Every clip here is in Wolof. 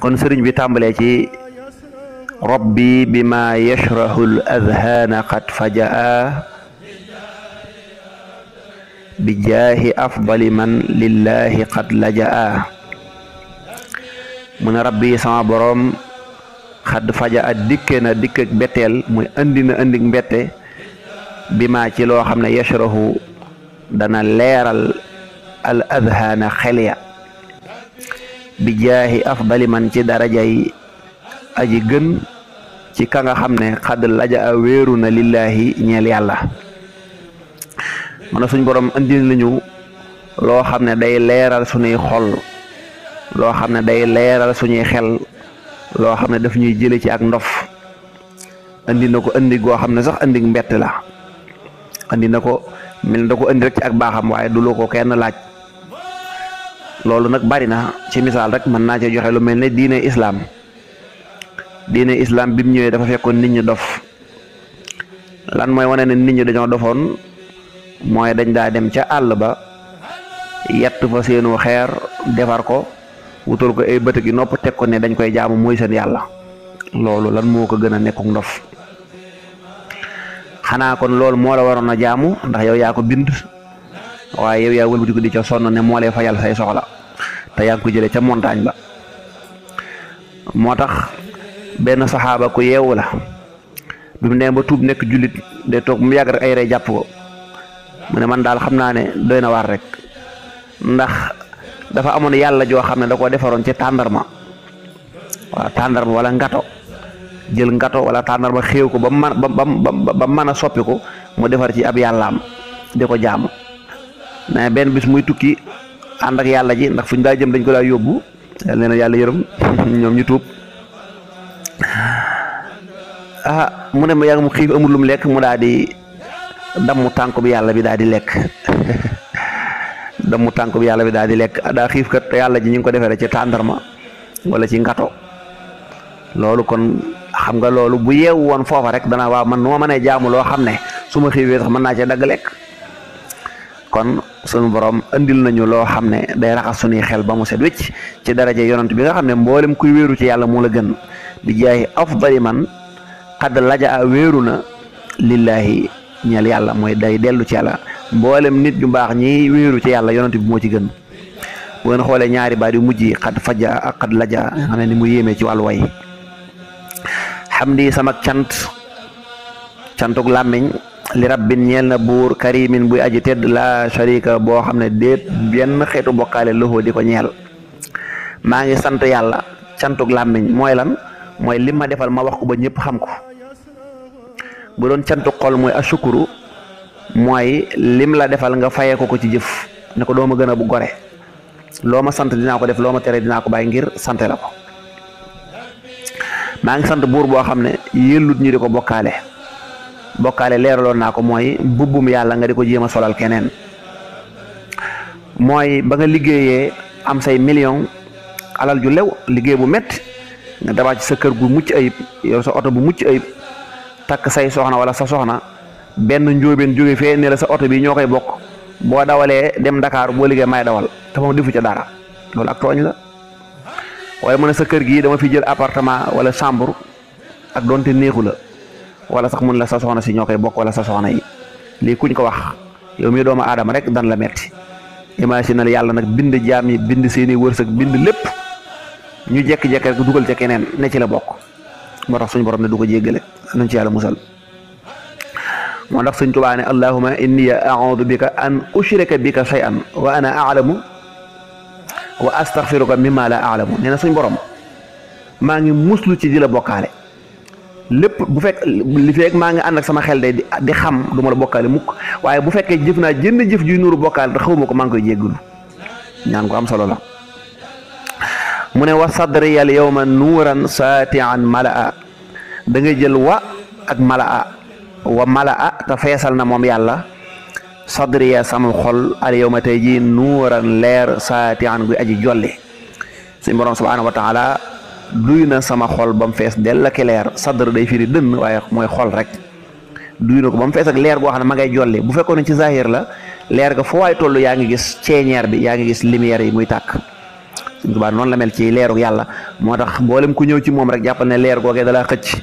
kon sëriñ bi tàmbalee ci rabbi bi ma yashrahu l adhaana qad fajaa bi jaahi afdali man lillahi qad lajaa mu ne rabbi sama boroom xadd faja a dikke na dikk ak betteel muy indi na indi mbette bi ma ci loo xam ne yashrahu dana leeral al adhaana xel ya bi jaahi afdali man ci darajay aji gën ci ka nga xamne ne laja a lillahi ñeel yalla mana suñ borom andi lañu loo xamne day leral suñuy xol loo xamne day leral suñuy xel loo xamne daf ñuy jël ci ak ndof andi nako andi go xamne sax andi mbett la andi nako mel nako andi rek ci ak baxam waye du lo ko kenn laaj lolou nak bari na ci misal rek man na ci joxe lu melni ne diine islam diine Islam bim ñewé dafa fekkon nit ñi dof lan moy wone ne nit ñi dañu dofon moy dañ daa dem ci àll ba yett fa seenu xeer defar ko wutul ko ay bët gi nopp tek ko ne dañ koy jaamu moy seen yalla lolou lan moko gëna nekk ak ndof kon lolou mo la warona jaamu ndax yow ya ko bind waye yow yaa wëlbatiku di ca sonn ne mo lay fajal say soxla ta yaa ko jele ci montagne ba motax ben sahaba saxaaba ku yeewu la bi ne ba tub nek julit de tok mu yag rek ay ray japp ko mune man dal xamna ne doyna na rek ndax dafa amone yalla jo xamne da ko defaron ci tandarma wa tandarma wala ngato jël ngato wala tandarma xéew ko ba ba ba ba mana a mu defar ci ab yalla am diko jamm na ben bis muy tukki and ak yalla ji ndax fuñ da jëm dañ ko daa yobbu neena na yàlla ñom ñu ah mu ne ma yaa mu xif amul lum lek mu daadi di tanku bi yalla bi daadi di damu tanku bi yalla bi daadi di da xif kat yalla ji ñu ko defere ci tandarma wala ci ngato lolu kon xam nga lolu bu yewu won fofa rek dana wa man no mané jaamu lo xamné suma xewé sax man na ci dag lek kon sunu borom andil nañu lo xamne ne day raxas sunuy xel ba mu set wécc ci daraja yonent bi nga xamne mbolem kuy wëru ci yalla mo la gën di jaay afdali man qad laja wëruna na ñal yalla moy day delu ci yalla mbolem nit ñu bax ñi wëru ci yalla yonent bi mo ci gën bu ngeen xolé ñaari baari qad faja qad laja xamne ni mu yeme ci way sama cant cantuk làmmiñ li rabbin ñeel na buur karimin buy aji tedd la sharika boo xam ne déet benn xeetu bokkaale loxo di ko ñeel maa ngi sant yàlla cantug làmmiñ mooy lan mooy lim ma defal ma wax ko ba ñëpp xam ko bu doon cantug xol mooy ashukuru mooy lim la defal nga fayee ko ko ci jëf ne ko doo ma gën a bu gore loo ma sant dinaa ko def loo ma tere dinaa ko bàyyi ngir sant la ko maa ngi sant buur boo xam ne yëllut ñu di ko bokkaale bokkaale leeraloon naa ko mooy mbubbum yàlla nga di ko jéem a solal keneen mooy ba nga liggéeyee am say million alal ju lew liggéey bu métti nga dabaa ci sa kër gu mucc ayib yow sa oto bu mucc ayib takk say soxna wala sa soxna benn njóobeen jóge fee ne la sa oto bi ñoo koy bokk boo dawalee dem ndakaaru boo liggéey may dawal te moom defu ca dara loolu ak tooñ la waaye mu ne sa kër gi dama fi jël apartement wala sàmbur ak doonte néexu la wala sax mun la sa soxna si ñoo koy bokk wala sa soxna yi lii kuñ ko wax yow mii doomu aadama rek dan la metti imaginal yàlla nag bind jaam yi bind seeni wërsëg bind lépp ñu jekki-jekki rek dugal ca keneen ne ci la bokk moo tax suñ borom ne du ko jéggale nuñ ci yàlla musal moo tax suñ tubaa ne allahuma inni a'uudu bika an ushrika bika shay'an wa ana a'lamu wa astaghfiruka mimma la a'lamu nee suñ borom maa ngi muslu ci di la bokkaale lépp bu fekk li fekk maa ngi ànd ak sama xel day di xam du ma la bokkaale mukk waaye bu fekkee jëf naa jënd jëf juy nuuru bokkaale te xaw ma ko maa ngi koy jéggalu ñaan ko am solo la mu ne wa sadri al yawma nuuran saatian malaa da ngay jël wa ak malaa wa malaa te feesal na moom yàlla sadriya sama xol al ma tey ji nuuran leer saatian guy aji jolli suñu borom subhaanahu wa taala duy na sama xol ba mu fees dell ak leer sadr day firi dënn waaye mooy xol rek duy na ko ba mu fees ak leer goo xam ne ma ngay jolle bu fekkoon ne ci zahir la leer ga foo waay toll yaa ngi gis ceeñeer bi yaa ngi gis lumière yi muy tàkk suñ tubaa noonu la mel ci leeru yàlla moo tax mboolem ku ñëw ci moom rek jàppal ne leer googee dalaa xëcc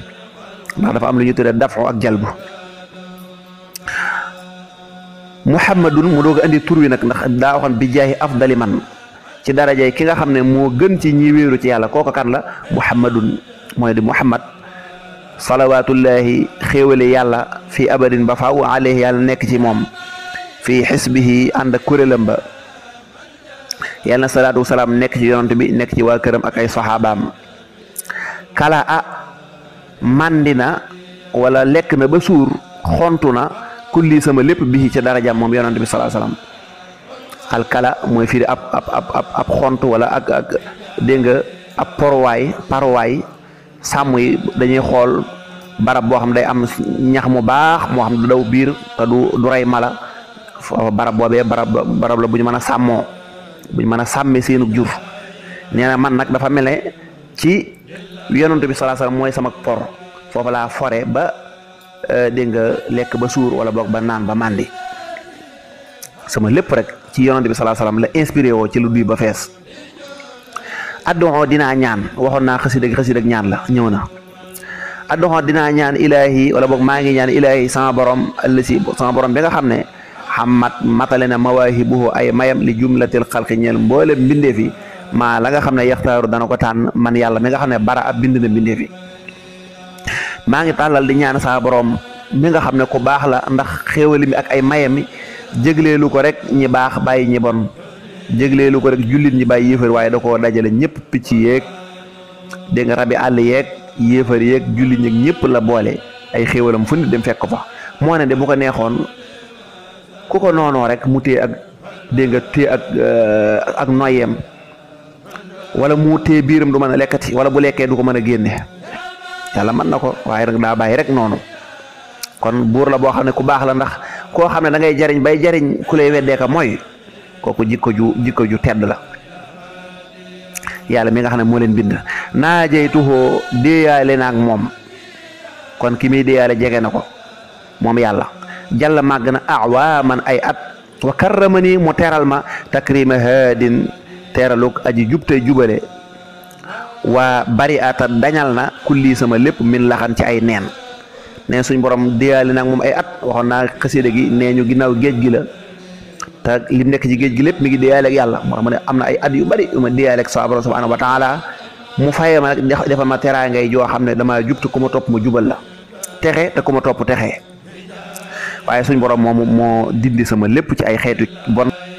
ndax dafa am lu ñu tuddee dafu ak jalbu muhammadun mu doog a nag ndax daa waxoon bi afdali man ci darajay ki nga xam ne moo gën ci ñi wéeru ci yàlla kooku kan la muhammadun mooy di muhammad salawaatullahi xéewale yàlla fii abadin ba faw alayhi yàlla nekk ci moom fii xisbihi ànd ak kuréelam ba yàlla na salaatu wasalaam nekk ci yonant bi nekk ci waa këram ak ay saxaabaam kala a màndina na wala lekk na ba suur xontu na kulli sama lépp bi ci darajaam moom yonant bi salaam alkala moy firi ab ab ab ab xont wala ak ak dégg nga ab porwaay parwaay sàmm dañuy xol barab bo xam day am ñax mu bax mo xam daw bir ta du du ray mala barab bobé barab barab la buñu mëna sammo buñu mëna sammé seenu néna man nak dafa melé ci yonantu bi alayhi wasallam moy sama por fofu la foré ba euh, dégg nga lek ba sour wala bok ba nan ba mandi sama lepp rek ci yonante bi sallallahu alayhi wasallam la inspiré wo ci lu duy ba fess addu'o dina ñaan waxon na xasi deug xasi deug ñaan la ñewna dina ñaan ilahi wala bok maa ngi ñaan ilahi sama borom allasi sama borom bi nga xamne ne matalena mawahibuhu ay mayam li jumlatil xalqi ñel mbole binde fi ma la nga xamne yaxtaru dana ko tan man yalla mi nga xamne bara ab bind na mbindee fi maa ngi di ñaan sama borom mi nga xam ne ku baax la ndax xéewali mi ak ay mayami jégleelu ko rek ñi baax bàyyi ñi bon jégleelu ko rek jullit ñi bàyyi yéefar waaye da koo dajale ñépp picc yéeg dégg rabi àll yéeg yéefar yeeg jullit ñi ñëpp la boole ay xéewalam fu nit dem fekk fa moo ne de bu ko neexoon ku ko noonoo rek mu téye ak dégg nga téye ak euh, ak noyeem wala mu téye biiram du mën a lekkati wala bu lekkee du ko mën a génnee yàlla mën na ko waaye nag daa bàyyi rek noonu kon buur la boo xam ne ku baax la ndax koo xam ne da ngay jariñ bay jariñ ku lay weddeeka mooy kooku jikko ju jikko ju tedd la yàlla mi nga xam ne moo leen bind naa jey tuxoo déeyaale naag moom kon ki muy déeyaale jege na ko moom yàlla jàll màgg na awaa man ay at wa karrama nii mu teral ma takrima haadin teraluk aji jub tey jubale waa bari ata dañal na kulli sama lépp min laxan ci ay neen nee suñ borom diyaali nag moom ay at waxoon naa xasida gi nee ñu ginnaaw géej gi la te li nekk ci géej gi lépp mi ngi diyaale ak yàlla moo tax ma ne am na ay at yu bari yu ma diyaale ak saa borom subhanahu wa taala mu fayee ma nag defal ma teraa ngay joo xam ne damaa jub te ku ma topp ma jubal la texe te ku ma topp texe waaye suñ borom moom moo dindi sama lépp ci ay xeetu bon